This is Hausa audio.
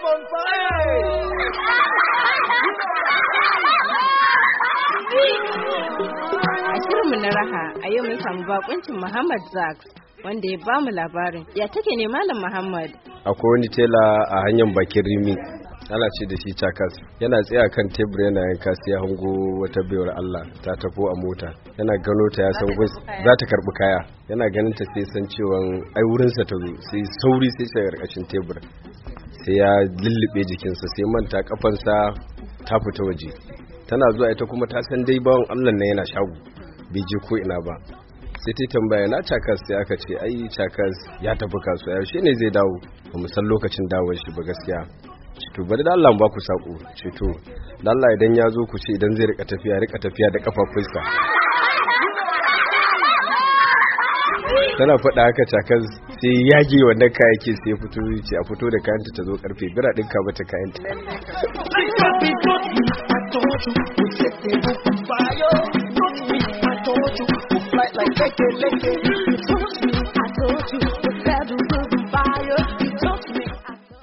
A shirinmu na raha a yau mun samu bakuncin Muhammad Zaks wanda ya ba mu labarin ya take ne Malam Muhammad. Akwai wani tela a hanyar bakin Rimi ana ce da shi cakas yana tsaye kan tebur yana yanka sai ya hango wata baiwar Allah ta tafo a mota yana gano ta ya san za ta karbi kaya yana ganin ta sai san cewa ai wurin ta zo sai sauri sai ta karkashin tebur sai ya lullube jikinsa sai manta kafansa ta fita waje tana zuwa ita kuma ta san dai bawan allah na yana shago bai je ko ina ba sai ta tambaya na chakas sai aka ce ai chakas ya tafi kasuwa yaushe ne zai dawo ba mu san lokacin dawon shi ba gaskiya ceto bari da Allah ba ku sako ceto da Allah idan ya zo ku ce idan zai rika tafiya rika tafiya da kafafunsa tana faɗa haka cakar sai yage wannan kayakin sai fito ce a fito da kayanta ta zo karfe bira ɗin kama ta kayanta